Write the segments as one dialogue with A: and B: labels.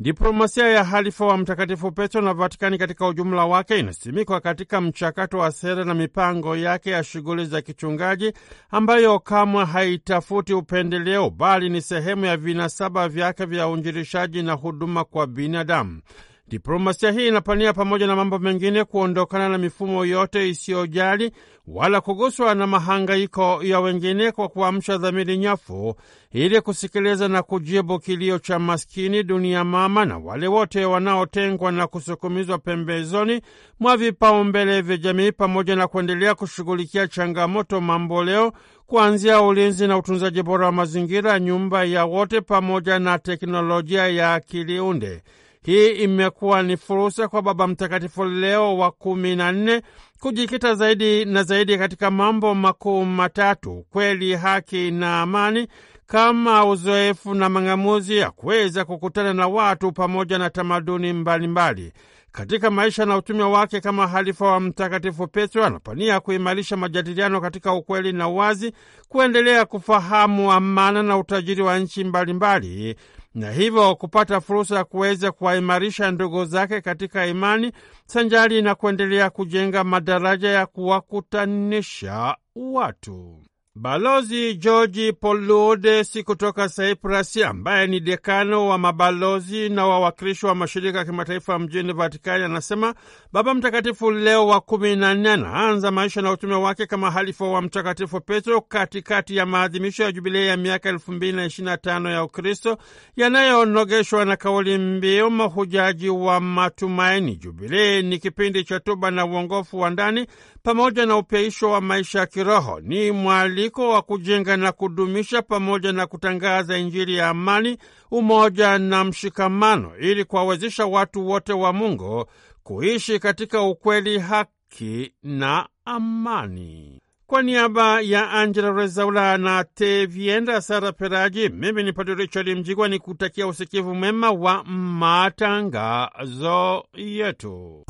A: Diplomasia ya halifa wa Mtakatifu Petro na Vatikani katika ujumla wake inasimikwa katika mchakato wa sera na mipango yake ya shughuli za kichungaji ambayo kamwe haitafuti upendeleo, bali ni sehemu ya vinasaba vyake vya uinjilishaji na huduma kwa binadamu. Diplomasia hii inapania pamoja na mambo mengine kuondokana na mifumo yote isiyojali wala kuguswa na mahangaiko ya wengine kwa kuamsha dhamiri nyafu ili kusikiliza na kujibu kilio cha maskini dunia mama na wale wote wanaotengwa na kusukumizwa pembezoni mwa vipaumbele vya jamii pamoja na kuendelea kushughulikia changamoto mamboleo kuanzia ulinzi na utunzaji bora wa mazingira, nyumba ya wote pamoja na teknolojia ya akili unde. Hii imekuwa ni fursa kwa Baba Mtakatifu Leo wa kumi na nne kujikita zaidi na zaidi katika mambo makuu matatu: kweli, haki na amani, kama uzoefu na mang'amuzi ya kuweza kukutana na watu pamoja na tamaduni mbalimbali mbali. Katika maisha na utume wake kama halifa wa Mtakatifu Petro anapania kuimarisha majadiliano katika ukweli na uwazi, kuendelea kufahamu amana na utajiri wa nchi mbalimbali na hivyo kupata fursa ya kuweza kuwaimarisha ndugu zake katika imani sanjari na kuendelea kujenga madaraja ya kuwakutanisha watu. Balozi Georgi Poludes kutoka Cyprus, ambaye ni dekano wa mabalozi na wawakilishi wa mashirika ya kimataifa mjini Vatikani, anasema Baba Mtakatifu Leo wa kumi na nne anaanza maisha na utume wake kama halifa wa Mtakatifu Petro katikati ya maadhimisho ya jubilei ya miaka elfu mbili na ishirini na tano ya Ukristo yanayonogeshwa na kauli mbiu mahujaji wa matumaini. Jubilei ni kipindi cha toba na uongofu wa ndani pamoja na upyaisho wa maisha ya kiroho. Ni mwali mwaliko wa kujenga na kudumisha pamoja na kutangaza Injili ya amani, umoja na mshikamano, ili kuwawezesha watu wote wa Mungu kuishi katika ukweli, haki na amani. Kwa niaba ya Angela Rezaula na Tevienda Sara Peraji, mimi ni Padre Richard Mjigwa ni kutakia usikivu mwema wa matangazo yetu.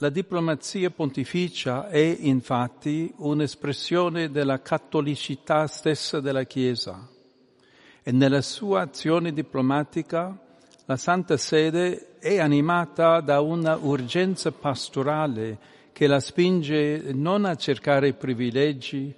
A: La diplomazia pontificia è infatti un'espressione della cattolicità stessa della Chiesa, e nella sua azione diplomatica la Santa Sede è animata da una urgenza pastorale che la spinge non a cercare privilegi,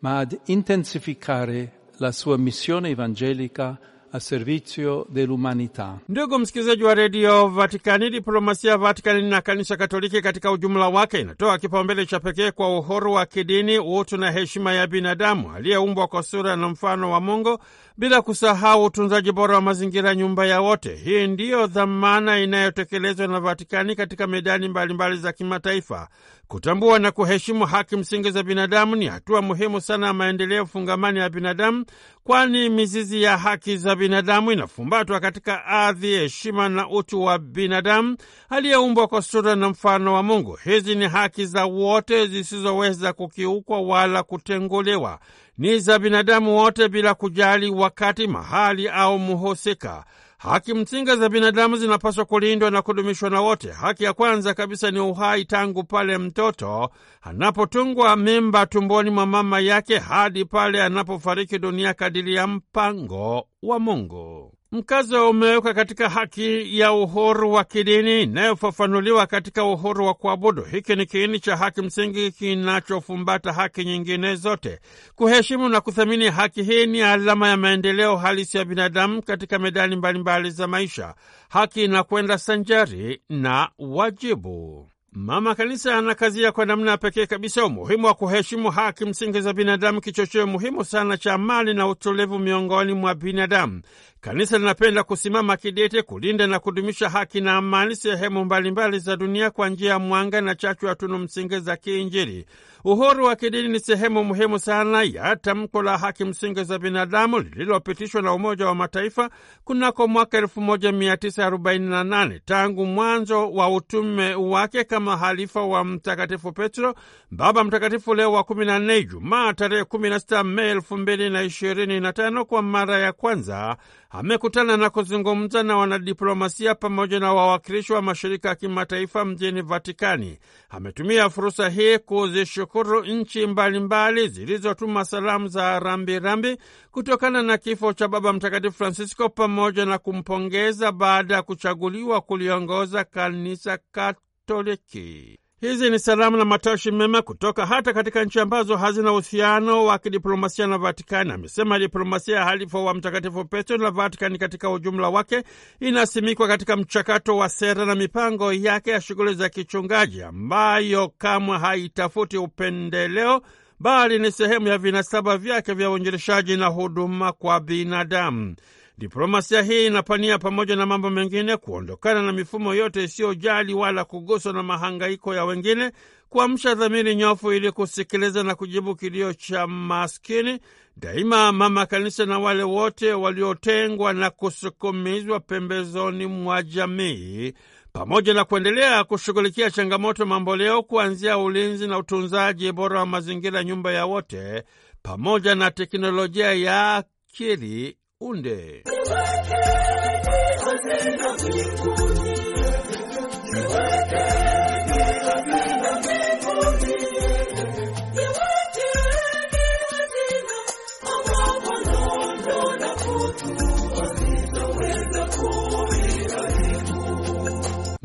A: ma ad intensificare la sua missione evangelica a servizio dell'umanità. Ndugu msikilizaji wa redio Vatikani, diplomasia ya Vatikani na kanisa Katoliki katika ujumla wake inatoa kipaumbele cha pekee kwa uhuru wa kidini, utu na heshima ya binadamu aliyeumbwa kwa sura na mfano wa Mungu, bila kusahau utunzaji bora wa mazingira, nyumba ya wote. Hii ndiyo dhamana inayotekelezwa na Vatikani katika medani mbalimbali mbali za kimataifa. Kutambua na kuheshimu haki msingi za binadamu ni hatua muhimu sana ya maendeleo fungamani ya binadamu, kwani mizizi ya haki za binadamu inafumbatwa katika ardhi, heshima na utu wa binadamu aliyeumbwa kwa sura na mfano wa Mungu. Hizi ni haki za wote zisizoweza kukiukwa wala kutenguliwa, ni za binadamu wote bila kujali wakati, mahali au mhusika. Haki msingi za binadamu zinapaswa kulindwa na kudumishwa na wote. Haki ya kwanza kabisa ni uhai, tangu pale mtoto anapotungwa mimba tumboni mwa mama yake hadi pale anapofariki dunia kadiri ya mpango wa Mungu. Mkazo umewekwa katika haki ya uhuru wa kidini inayofafanuliwa katika uhuru wa kuabudu. Hiki ni kiini cha haki msingi kinachofumbata haki nyingine zote. Kuheshimu na kuthamini haki hii ni alama ya maendeleo halisi ya binadamu katika medani mbalimbali za maisha. Haki inakwenda sanjari na wajibu. Mama Kanisa anakazia kwa namna ya pekee kabisa umuhimu wa kuheshimu haki msingi za binadamu, kichocheo muhimu sana cha amani na utulivu miongoni mwa binadamu. Kanisa linapenda kusimama kidete kulinda na kudumisha haki na amani sehemu mbalimbali za dunia kwa njia ya mwanga na chachu ya tunu msingi za kiinjili. Uhuru wa kidini ni sehemu muhimu sana ya tamko la haki msingi za binadamu lililopitishwa na Umoja wa Mataifa kunako mwaka 1948. Tangu mwanzo wa utume wake kama halifa wa Mtakatifu Petro, Baba Mtakatifu Leo wa 14 Ijumaa tarehe 16 Mei 2025 kwa mara ya kwanza amekutana na kuzungumza na wanadiplomasia pamoja na wawakilishi wa mashirika ya kimataifa mjini Vatikani. Ametumia fursa hii kuzishukuru nchi mbalimbali zilizotuma salamu za rambirambi kutokana na kifo cha Baba Mtakatifu Francisco pamoja na kumpongeza baada ya kuchaguliwa kuliongoza kanisa Katoliki. Hizi ni salamu na matashi mema kutoka hata katika nchi ambazo hazina uhusiano wa kidiplomasia na Vatikani. Amesema diplomasia ya halifu wa Mtakatifu Petro na Vatikani katika ujumla wake inasimikwa katika mchakato wa sera na mipango yake ya shughuli za kichungaji, ambayo kamwe haitafuti upendeleo bali ni sehemu ya vinasaba vyake vya uinjilishaji na huduma kwa binadamu. Diplomasia hii inapania pamoja na mambo mengine kuondokana na mifumo yote isiyojali wala kuguswa na mahangaiko ya wengine, kuamsha dhamiri nyofu ili kusikiliza na kujibu kilio cha maskini daima, mama kanisa na wale wote waliotengwa na kusukumizwa pembezoni mwa jamii pamoja na kuendelea kushughulikia changamoto mamboleo kuanzia ulinzi na utunzaji bora wa mazingira, nyumba ya wote, pamoja na teknolojia ya akili Unde.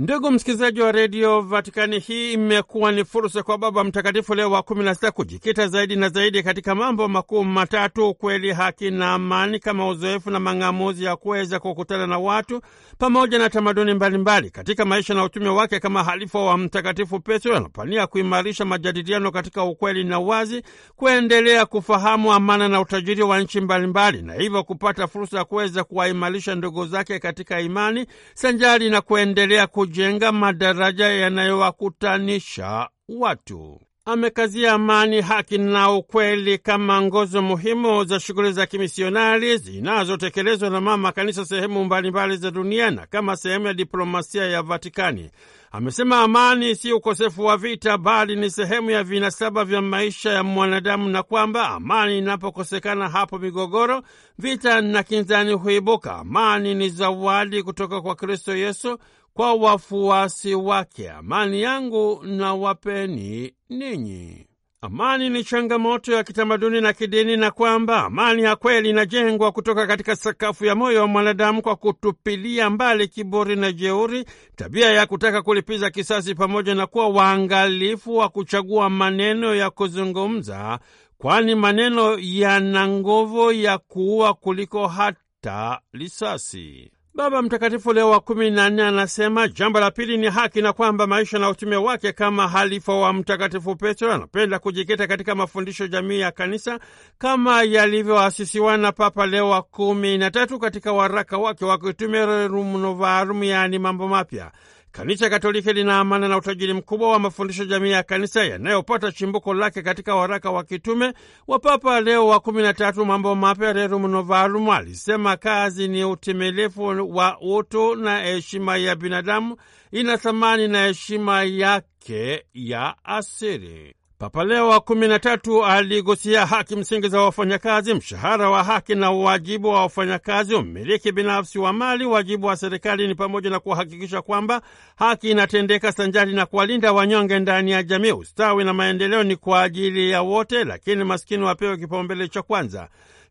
A: Ndugu msikilizaji wa redio Vatikani, hii imekuwa ni fursa kwa Baba Mtakatifu Leo wa kumi na sita kujikita zaidi na zaidi katika mambo makuu matatu: ukweli, haki na amani, kama uzoefu na mang'amuzi ya kuweza kukutana na watu pamoja na tamaduni mbalimbali. Katika maisha na utume wake kama halifa wa Mtakatifu Petro, anapania kuimarisha majadiliano katika ukweli na wazi, kuendelea kufahamu amana na utajiri wa nchi mbalimbali, na hivyo kupata fursa ya kuweza kuwaimarisha ndugu zake katika imani sanjari na kuendelea ku kujenga madaraja yanayowakutanisha watu. Amekazia amani, haki na ukweli kama nguzo muhimu za shughuli za kimisionari zinazotekelezwa na mama kanisa sehemu mbalimbali za dunia na kama sehemu ya diplomasia ya Vatikani. Amesema amani si ukosefu wa vita, bali ni sehemu ya vinasaba vya maisha ya mwanadamu, na kwamba amani inapokosekana, hapo migogoro, vita na kinzani huibuka. Amani ni zawadi kutoka kwa Kristo Yesu kwa wafuasi wake, amani yangu na wapeni ninyi. Amani ni changamoto ya kitamaduni na kidini, na kwamba amani ya kweli inajengwa kutoka katika sakafu ya moyo wa mwanadamu kwa kutupilia mbali kiburi na jeuri, tabia ya kutaka kulipiza kisasi, pamoja na kuwa waangalifu wa kuchagua maneno ya kuzungumza, kwani maneno yana nguvu ya kuua kuliko hata risasi. Baba Mtakatifu Leo wa kumi na nne anasema jambo la pili ni haki, na kwamba maisha na utume wake kama halifa wa Mtakatifu Petro anapenda kujikita katika mafundisho jamii ya kanisa kama yalivyoasisiwa na Papa Leo wa kumi na tatu katika waraka wake wa Kutume Rerum Novarum, yaani mambo mapya. Kanisa Katoliki lina amana na utajiri mkubwa wa mafundisho jamii ya kanisa yanayopata chimbuko lake katika waraka wa kitume wa Papa Leo wa kumi na tatu, Mambo Mapya Rerum Novarum. Alisema kazi ni utimilifu wa utu na heshima ya binadamu, ina thamani na heshima yake ya asili. Papa Leo wa kumi na tatu aligusia haki msingi za wafanyakazi, mshahara wa haki na wajibu wa wafanyakazi, umiliki binafsi wa mali. Wajibu wa serikali ni pamoja na kuhakikisha kwamba haki inatendeka sanjari na kuwalinda wanyonge ndani ya jamii. Ustawi na maendeleo ni kwa ajili ya wote, lakini maskini wapewe kipaumbele cha kwanza.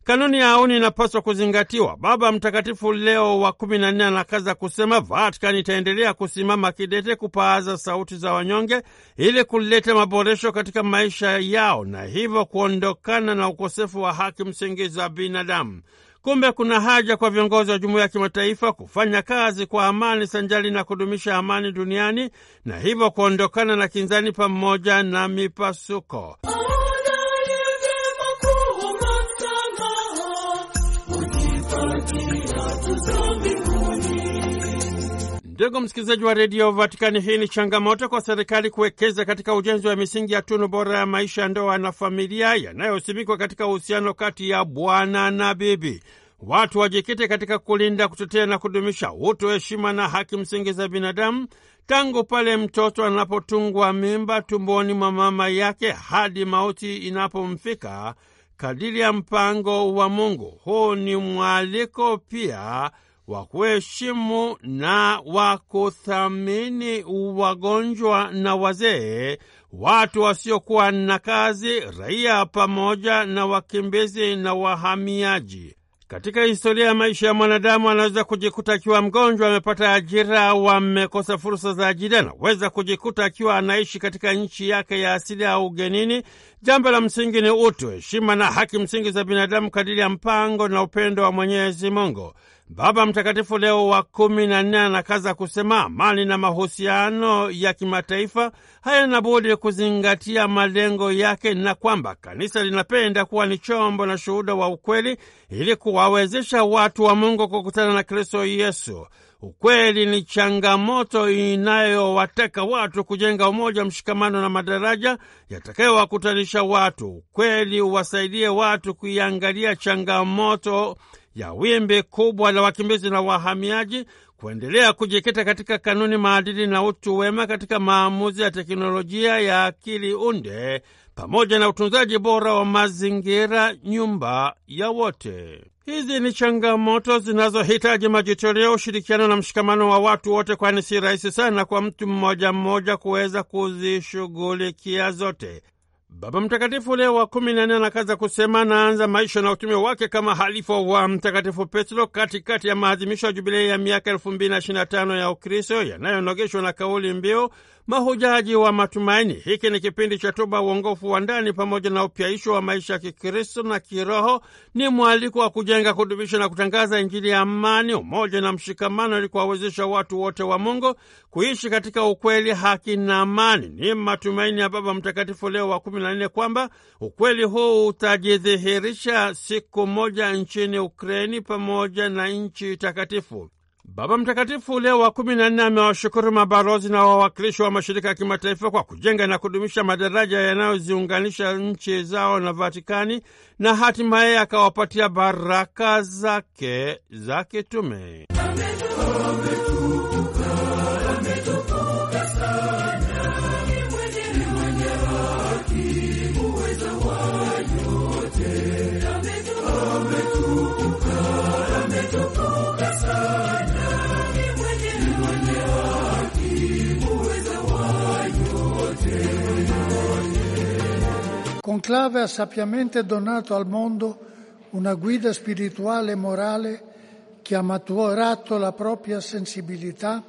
A: Kanuni ya auni inapaswa kuzingatiwa. Baba Mtakatifu Leo wa kumi na nne anakaza kusema, Vatican itaendelea kusimama kidete kupaaza sauti za wanyonge ili kuleta maboresho katika maisha yao na hivyo kuondokana na ukosefu wa haki msingi za binadamu. Kumbe kuna haja kwa viongozi wa jumuiya ya kimataifa kufanya kazi kwa amani sanjali na kudumisha amani duniani na hivyo kuondokana na kinzani pamoja na mipasuko. Ndugu msikilizaji wa redio Vatikani, hii ni changamoto kwa serikali kuwekeza katika ujenzi wa misingi ya tunu bora ya maisha, ndoa na familia yanayosimikwa katika uhusiano kati ya bwana na bibi. Watu wajikite katika kulinda, kutetea na kudumisha utu, heshima na haki msingi za binadamu tangu pale mtoto anapotungwa mimba tumboni mwa mama yake hadi mauti inapomfika kadiri ya mpango wa Mungu. Huu ni mwaliko pia wa kuheshimu na wa kuthamini wagonjwa na wazee, watu wasiokuwa na kazi, raia pamoja na wakimbizi na wahamiaji. Katika historia ya maisha ya mwanadamu anaweza kujikuta akiwa mgonjwa, amepata ajira au amekosa fursa za ajira. Anaweza kujikuta akiwa anaishi katika nchi yake ya asili au ugenini. Jambo la msingi ni utu, heshima na haki msingi za binadamu kadiri ya mpango na upendo wa Mwenyezi Mungu. Baba Mtakatifu Leo wa kumi na nne anakaza kusema amani na mahusiano ya kimataifa hayana budi kuzingatia malengo yake na kwamba kanisa linapenda kuwa ni chombo na shuhuda wa ukweli ili kuwawezesha watu wa Mungu kukutana na Kristo Yesu. Ukweli ni changamoto inayowateka watu kujenga umoja, mshikamano na madaraja yatakayowakutanisha watu. Ukweli uwasaidie watu kuiangalia changamoto ya wimbi kubwa la wakimbizi na wahamiaji, kuendelea kujikita katika kanuni, maadili na utu wema katika maamuzi ya teknolojia ya akili unde pamoja na utunzaji bora wa mazingira, nyumba ya wote. Hizi ni changamoto zinazohitaji majitoleo, ushirikiano na mshikamano wa watu wote, kwani si rahisi sana kwa mtu mmoja mmoja kuweza kuzishughulikia zote. Baba Mtakatifu Leo wa kumi na nne anakaza kusema, naanza maisha na utume wake kama halifa wa Mtakatifu Petro katikati ya maadhimisho ya jubilei ya miaka elfu mbili na ishirini na tano ya Ukristo yanayonogeshwa na kauli mbiu mahujaji wa matumaini. Hiki ni kipindi cha toba, uongofu wa ndani pamoja na upyaisho wa maisha ya Kikristo na kiroho. Ni mwaliko wa kujenga, kudumisha na kutangaza Injili ya amani, umoja na mshikamano, ili kuwawezesha watu wote wa Mungu kuishi katika ukweli, haki na amani. Ni matumaini ya Baba Mtakatifu Leo wa kumi na nne kwamba ukweli huu utajidhihirisha siku moja nchini Ukraini pamoja na nchi takatifu. Baba Mtakatifu Leo wa kumi na nne amewashukuru mabalozi na wawakilishi wa mashirika ya kimataifa kwa kujenga na kudumisha madaraja yanayoziunganisha nchi zao na Vatikani na hatimaye akawapatia baraka zake za kitume. conclave ha sapiamente donato al mondo una guida spirituale e morale che ha maturato la propria sensibilità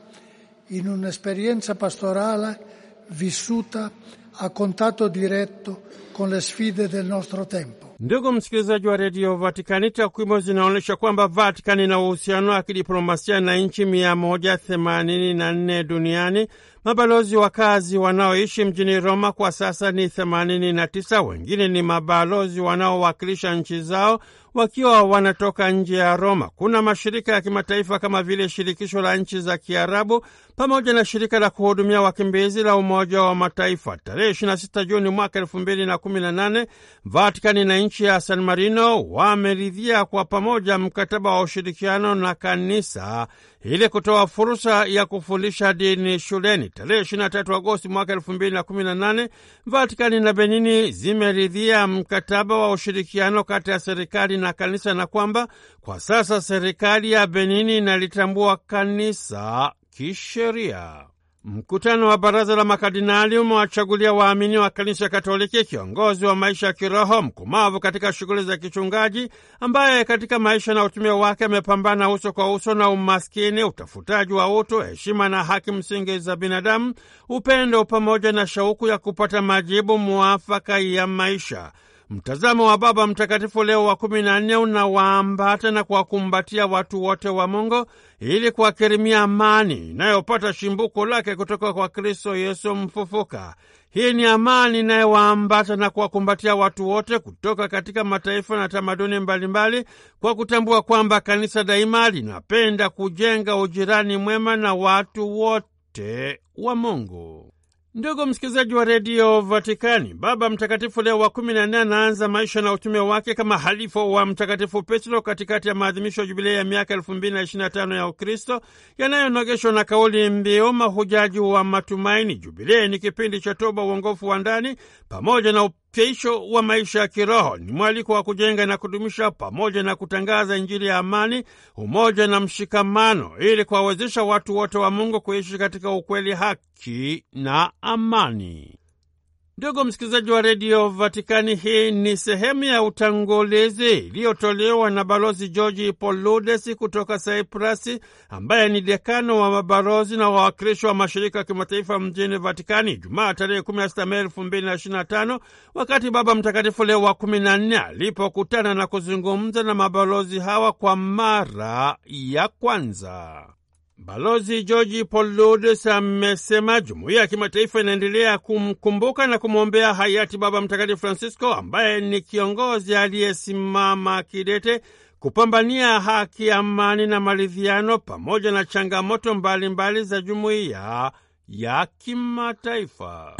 A: in un'esperienza pastorale vissuta a contatto diretto con le sfide del nostro tempo. Ndugu msikilizaji wa redio Vatikani, takwimu zinaonyesha kwamba Vatikani ina uhusiano wa kidiplomasia na nchi mia moja themanini na nne duniani Mabalozi wakazi wanaoishi mjini Roma kwa sasa ni 89, wengine ni mabalozi wanaowakilisha nchi zao wakiwa wanatoka nje ya Roma. Kuna mashirika ya kimataifa kama vile shirikisho la nchi za Kiarabu pamoja na shirika la kuhudumia wakimbizi la Umoja wa Mataifa. Tarehe 26 Juni mwaka 2018, Vatikani na nchi ya San Marino wameridhia kwa pamoja mkataba wa ushirikiano na kanisa ili kutoa fursa ya kufundisha dini shuleni. Tarehe 23 Agosti mwaka 2018, Vatikani na Benini zimeridhia mkataba wa ushirikiano kati ya serikali na kanisa na kwamba kwa sasa serikali ya Benini inalitambua kanisa kisheria. Mkutano wa baraza la makardinali umewachagulia waamini wa kanisa Katoliki kiongozi wa maisha ya kiroho mkumavu katika shughuli za kichungaji, ambaye katika maisha na utumia wake amepambana uso kwa uso na umaskini, utafutaji wa utu, heshima na haki msingi za binadamu, upendo pamoja na shauku ya kupata majibu muafaka ya maisha. Mtazamo wa Baba Mtakatifu Leo wa kumi na nne unawaambata na kuwakumbatia watu wote wa Mungu ili kuwakirimia amani inayopata shimbuko lake kutoka kwa Kristo Yesu mfufuka. Hii ni amani inayowaambata na kuwakumbatia watu wote kutoka katika mataifa na tamaduni mbalimbali, kwa kutambua kwamba kanisa daima linapenda kujenga ujirani mwema na watu wote wa Mungu. Ndugu msikilizaji wa redio Vatikani, Baba Mtakatifu Leo wa kumi na nne anaanza maisha na utume wake kama halifa wa Mtakatifu Petro katikati ya maadhimisho ya jubilei ya miaka elfu mbili na ishirini na tano ya Ukristo yanayonogeshwa na kauli mbiu mahujaji wa matumaini. Jubilei ni kipindi cha toba, uongofu wa ndani pamoja na uhamasisho wa maisha ya kiroho ni mwaliko wa kujenga na kudumisha pamoja na kutangaza Injili ya amani, umoja na mshikamano, ili kuwawezesha watu wote wa Mungu kuishi katika ukweli, haki na amani. Ndugu msikilizaji wa redio Vatikani, hii ni sehemu ya utangulizi iliyotolewa na balozi Georgi Poludes kutoka Cyprus, ambaye ni dekano wa mabalozi na wawakilishi wa mashirika ya kimataifa mjini Vatikani, Jumaa tarehe 16 Mei 2025, wakati Baba Mtakatifu Leo wa 14 alipokutana na kuzungumza na mabalozi hawa kwa mara ya kwanza. Balozi George Paul Ludes amesema jumuiya ya kimataifa inaendelea kumkumbuka na kumwombea hayati Baba Mtakatifu Francisco ambaye ni kiongozi aliyesimama kidete kupambania haki, amani na maridhiano pamoja na changamoto mbalimbali mbali za jumuiya ya kimataifa.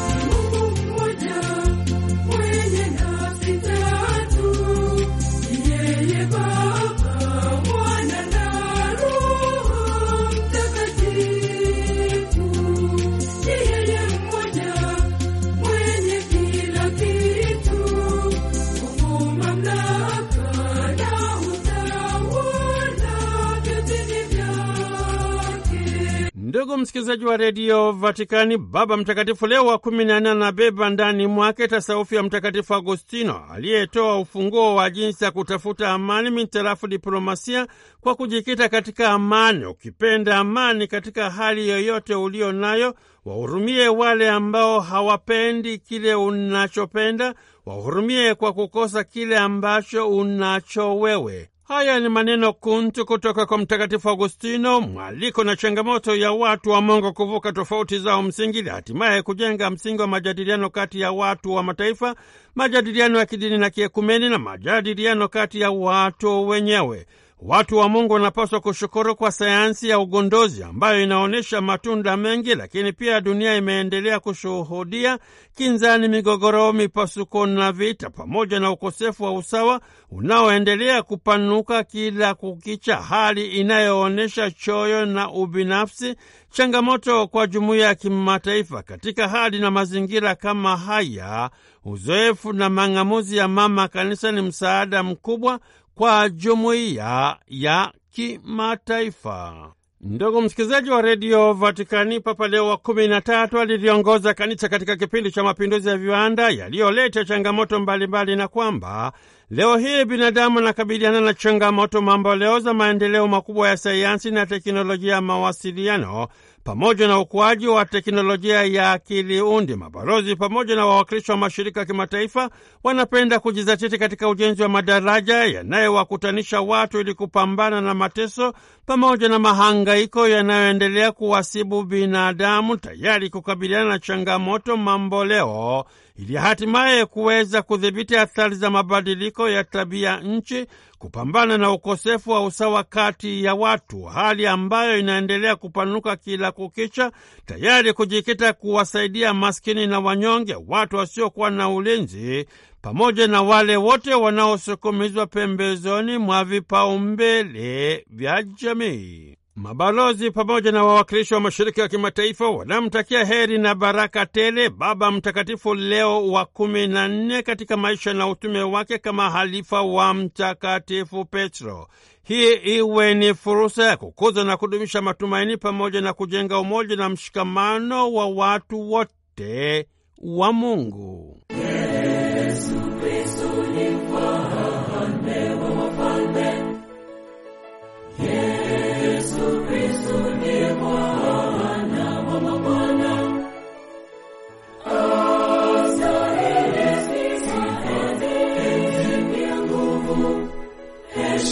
A: Ndugu msikilizaji wa redio Vatikani, Baba Mtakatifu Leo wa kumi na nne anabeba ndani mwake tasaufi ya Mtakatifu Agostino aliyetoa ufunguo wa jinsi ya kutafuta amani mitarafu diplomasia kwa kujikita katika amani. Ukipenda amani katika hali yoyote ulio nayo, wahurumie wale ambao hawapendi kile unachopenda, wahurumie kwa kukosa kile ambacho unacho wewe. Haya ni maneno kuntu kutoka kwa Mtakatifu Agustino, mwaliko na changamoto ya watu wa Mungu kuvuka tofauti zao msingi ili hatimaye kujenga msingi wa majadiliano kati ya watu wa mataifa, majadiliano ya kidini na kiekumeni, na majadiliano kati ya watu wenyewe. Watu wa Mungu wanapaswa kushukuru kwa sayansi ya ugunduzi ambayo inaonyesha matunda mengi, lakini pia dunia imeendelea kushuhudia kinzani, migogoro, mipasuko na vita, pamoja na ukosefu wa usawa unaoendelea kupanuka kila kukicha, hali inayoonyesha choyo na ubinafsi, changamoto kwa jumuiya ya kimataifa. Katika hali na mazingira kama haya, uzoefu na mang'amuzi ya Mama Kanisa ni msaada mkubwa kwa jumuiya ya kimataifa. Ndugu msikilizaji wa redio Vatikani, Papa Leo wa kumi na tatu aliliongoza kanisa katika kipindi cha mapinduzi ya viwanda yaliyoleta changamoto mbalimbali, na kwamba Leo hii binadamu anakabiliana na changamoto mamboleo za maendeleo makubwa ya sayansi na teknolojia ya mawasiliano pamoja na ukuaji wa teknolojia ya akili unde. Mabalozi pamoja na wawakilishi wa mashirika ya kimataifa wanapenda kujizatiti katika ujenzi wa madaraja yanayowakutanisha watu ili kupambana na mateso pamoja na mahangaiko yanayoendelea kuwasibu binadamu, tayari kukabiliana na changamoto mamboleo ili hatimaye kuweza kudhibiti athari za mabadiliko ya tabia nchi, kupambana na ukosefu wa usawa kati ya watu, hali ambayo inaendelea kupanuka kila kukicha, tayari kujikita kuwasaidia maskini na wanyonge, watu wasiokuwa na ulinzi, pamoja na wale wote wanaosukumizwa pembezoni mwa vipaumbele vya jamii. Mabalozi pamoja na wawakilishi wa mashirika ya kimataifa wanamtakia heri na baraka tele Baba Mtakatifu Leo wa kumi na nne katika maisha na utume wake kama halifa wa Mtakatifu Petro. Hii iwe ni fursa ya kukuza na kudumisha matumaini pamoja na kujenga umoja na mshikamano wa watu wote wa Mungu.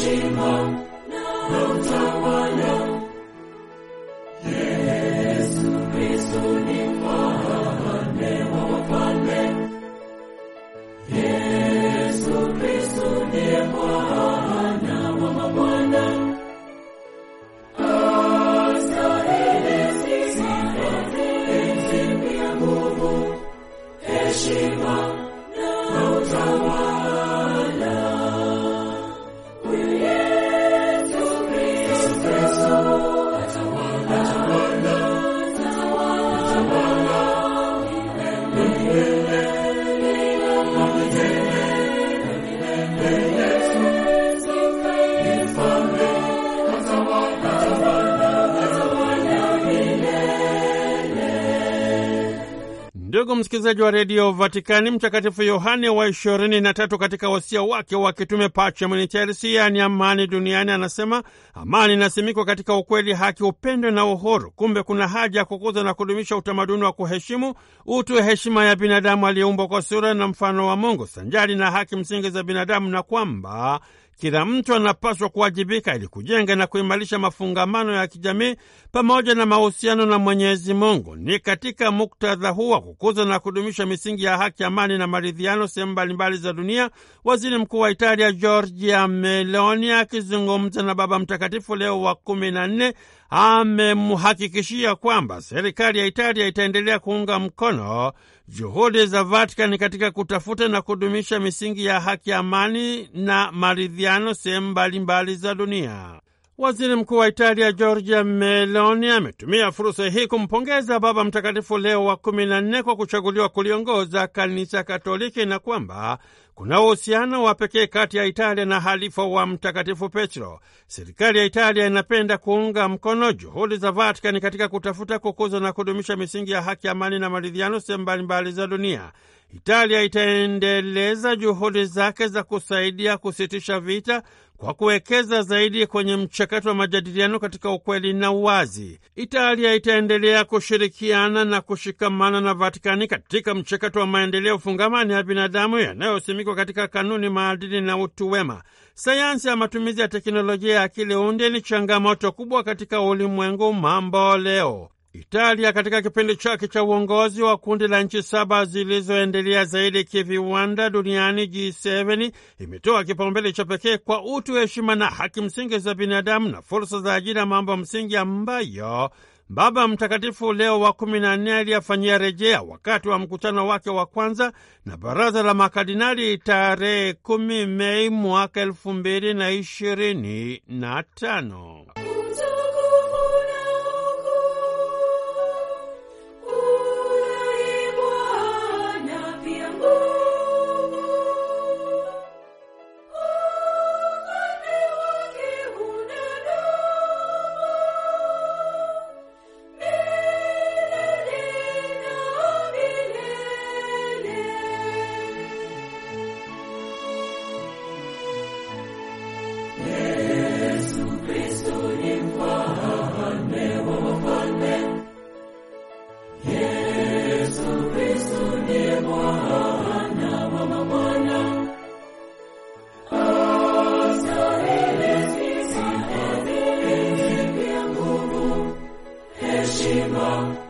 B: Shema.
A: msikilizaji wa redio Vatikani, Mtakatifu Yohane wa ishirini na tatu katika wasia wake wa kitume Pacem in Terris, yaani amani duniani, anasema amani inasimikwa katika ukweli, haki, upendo na uhuru. Kumbe kuna haja ya kukuza na kudumisha utamaduni wa kuheshimu utu, heshima ya binadamu aliyeumbwa kwa sura na mfano wa Mungu, sanjari na haki msingi za binadamu, na kwamba kila mtu anapaswa kuwajibika ili kujenga na kuimarisha mafungamano ya kijamii pamoja na mahusiano na Mwenyezi Mungu. Ni katika muktadha huu wa kukuza na kudumisha misingi ya haki, amani na maridhiano sehemu mbalimbali za dunia, waziri mkuu wa Italia Giorgia Meloni akizungumza na Baba Mtakatifu Leo wa kumi na nne amemhakikishia kwamba serikali ya Italia itaendelea kuunga mkono Juhudi za Vatikani katika kutafuta na kudumisha misingi ya haki, amani na maridhiano sehemu mbalimbali za dunia. Waziri Mkuu wa Italia Giorgia Meloni ametumia fursa hii kumpongeza Baba Mtakatifu Leo wa kumi na nne kwa kuchaguliwa kuliongoza Kanisa Katoliki na kwamba kuna uhusiano wa pekee kati ya Italia na halifa wa Mtakatifu Petro. Serikali ya Italia inapenda kuunga mkono juhudi za Vatikani katika kutafuta kukuza na kudumisha misingi ya haki, amani na maridhiano sehemu mbalimbali za dunia. Italia itaendeleza juhudi zake za kusaidia kusitisha vita kwa kuwekeza zaidi kwenye mchakato wa majadiliano katika ukweli na uwazi. Italia itaendelea kushirikiana na kushikamana na Vatikani katika mchakato wa maendeleo fungamani ya binadamu yanayosimikwa katika kanuni, maadili na utu wema. Sayansi ya matumizi ya teknolojia ya akili unde ni changamoto kubwa katika ulimwengu mambo leo. Italia katika kipindi chake cha uongozi wa kundi la nchi saba zilizoendelea zaidi kiviwanda duniani G7 imetoa kipaumbele cha pekee kwa utu, heshima na haki msingi za binadamu na fursa za ajira, mambo msingi ambayo Baba Mtakatifu Leo wa kumi na nne aliyafanyia rejea wakati wa mkutano wake wa kwanza na baraza la makardinali tarehe kumi Mei mwaka elfu mbili na ishirini na tano. Emmanuel.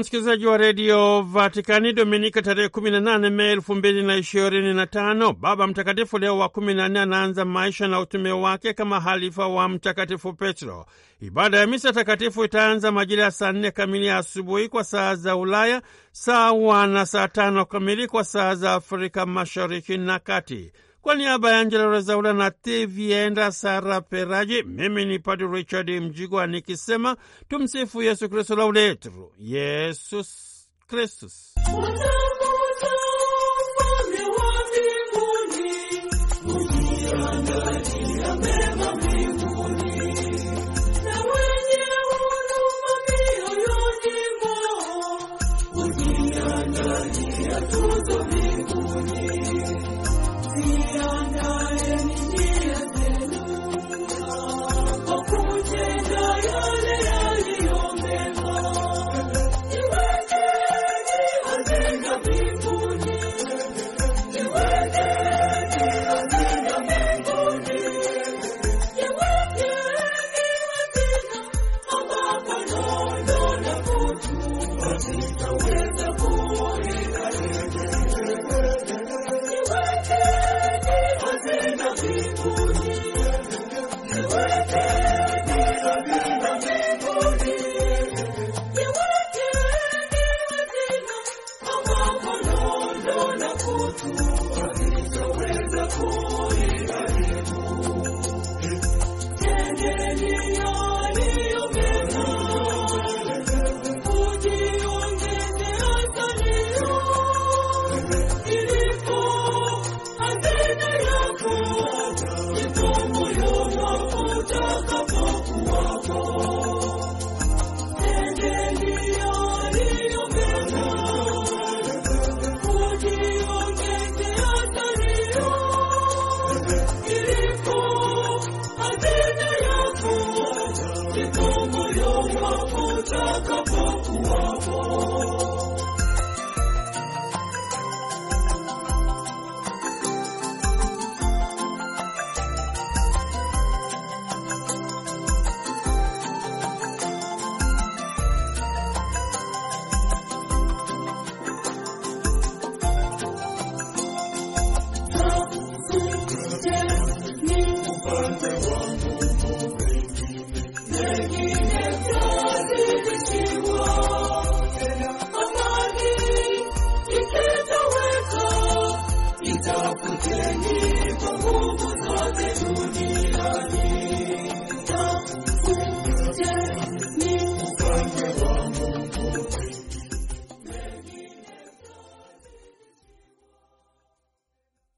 A: msikilizaji wa redio Vatikani, Dominika tarehe 18 Mei 2025, Baba Mtakatifu Leo wa 14 anaanza maisha na utume wake kama halifa wa Mtakatifu Petro. Ibada ya misa takatifu itaanza majira ya saa nne kamili ya asubuhi kwa saa za Ulaya, sawa na saa tano kamili kwa saa za Afrika Mashariki na Kati. Kwa niaba ya Angela Rezaula na Tivienda Sara Peraji, mimi ni Padre Richard Mjigwa nikisema tumsifu Yesu Kristu, Lauletru Yesus Kristus.
B: Thank you.